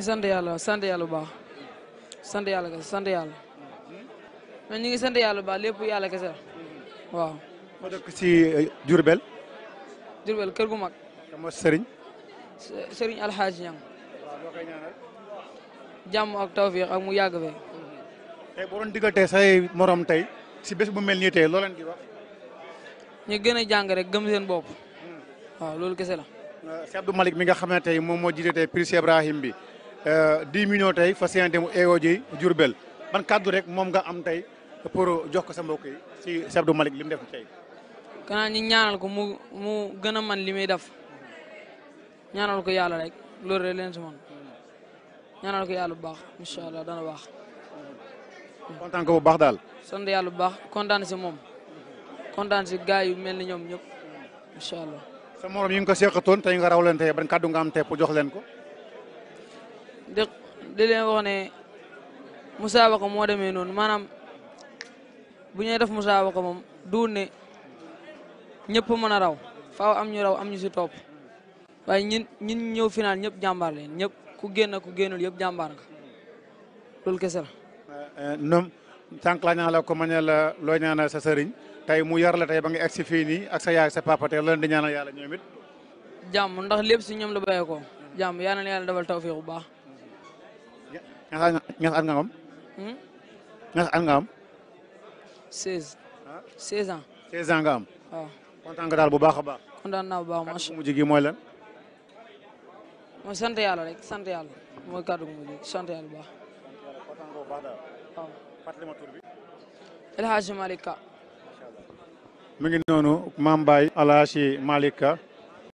sant yàlla sant yàlla bu baax sant yàlla kese sant ñu ngi sant yàlla bu baax lépp yàlla kese waaw. ma dëkk si eh, Diourbel. Diourbel kër gu mag. ma Serigne. Serigne Al Hadj Niang. jàmm ak ak mu yàgg fee. tey boo doon digal tey say morom tey si bés bu mel nii tey loo leen di wax. gën a jàng rek gëm seen bopp. Hmm. waaw loolu kese la. Euh, Cheikh Abdou Malick mi nga xamante ne moom moo jiite tey Pire Ibrahim bi. 10 euh, millions tey fas yéene dem EO ji Diourbel ban kàddu rek moom nga am tey pour jox ko sa mbokk yi si Cheikh Abdou Malick li mu def tey. kanaa ñu ñaanal ko mu mu gën man li muy def ñaanal ko yàlla rek loolu rek leen si ñaanal ko yàlla bu baax incha allah dana baax. kontaan ko bu baax dal sant yàlla bu baax kontaan si mom kontaan si gars yu mel ni ñoom ñëpp incha allah. sa morom yi nga ko seqatoon tey nga raw leen tey ban kàddu nga am tey pour jox len ko. di di leen wax ne musaabaqa moo demee noonu maanaam bu ñuy def musaabaqa moom duun ne ñëpp mën a raw faaw am ñu raw am ñu si topp waaye ñin ñin ñëw final ñëpp jàmbaar leen ñëpp ku génn ku génnul yëpp jàmbaar nga loolu kese la. Euh, ko ma loo ñaanal sa sëriñ tey mu yar la tey ba nga egg si fii nii ak sa yaay sa papa tey lan ñaanal yàlla ñoom it. jàmm ndax lépp si ñoom la bàyyeekoo jàmm yal na yàlla defal tawfiq bu baax. ñaata an nga am. ñaata at nga am. 16. 16 ans. 16 ans nga am. waaw daal bu baax a baax. kontaan naa bu baax macha allah mujj gi mooy lan. mooy sant rek sant mooy kàddu gu mujj sant yàlla baax. El Hadj Malick Ka. noonu Mame Baye El Hadj